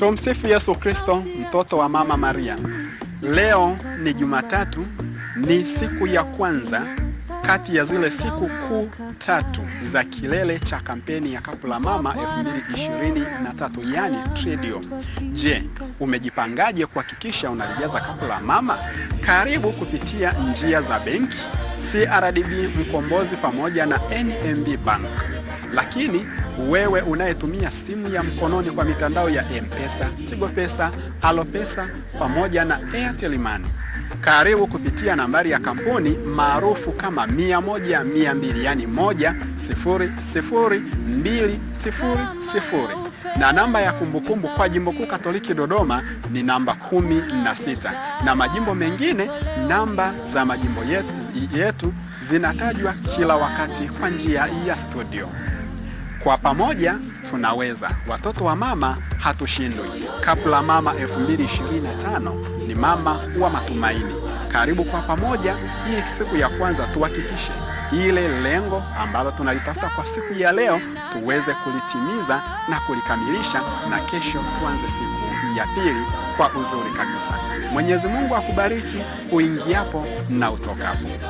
Tumsifu Yesu Kristo, mtoto wa Mama Maria. Leo ni Jumatatu, ni siku ya kwanza kati ya zile siku kuu tatu za kilele cha kampeni ya Kapu la Mama 2023, yani Tridio. Je, umejipangaje kuhakikisha unalijaza Kapu la Mama? Karibu kupitia njia za benki CRDB Mkombozi pamoja na NMB Bank. Lakini wewe unayetumia simu ya mkononi kwa mitandao ya M-Pesa, Tigo Pesa, Halo Pesa pamoja na Airtel Money. Karibu kupitia nambari ya kampuni maarufu kama 100 200, yani 1 0 0 2 0 0, na namba ya kumbukumbu kwa Jimbo Kuu Katoliki Dodoma ni namba 16, na majimbo mengine namba za majimbo yetu, yetu zinatajwa kila wakati kwa njia ya studio. Kwa pamoja tunaweza. Watoto wa mama hatushindwi. Kapla Mama 2025 ni mama wa matumaini. Karibu kwa pamoja, hii siku ya kwanza tuhakikishe ile lengo ambalo tunalitafuta kwa siku ya leo tuweze kulitimiza na kulikamilisha, na kesho tuanze siku ya pili kwa uzuri kabisa. Mwenyezi Mungu akubariki uingiapo na utokapo.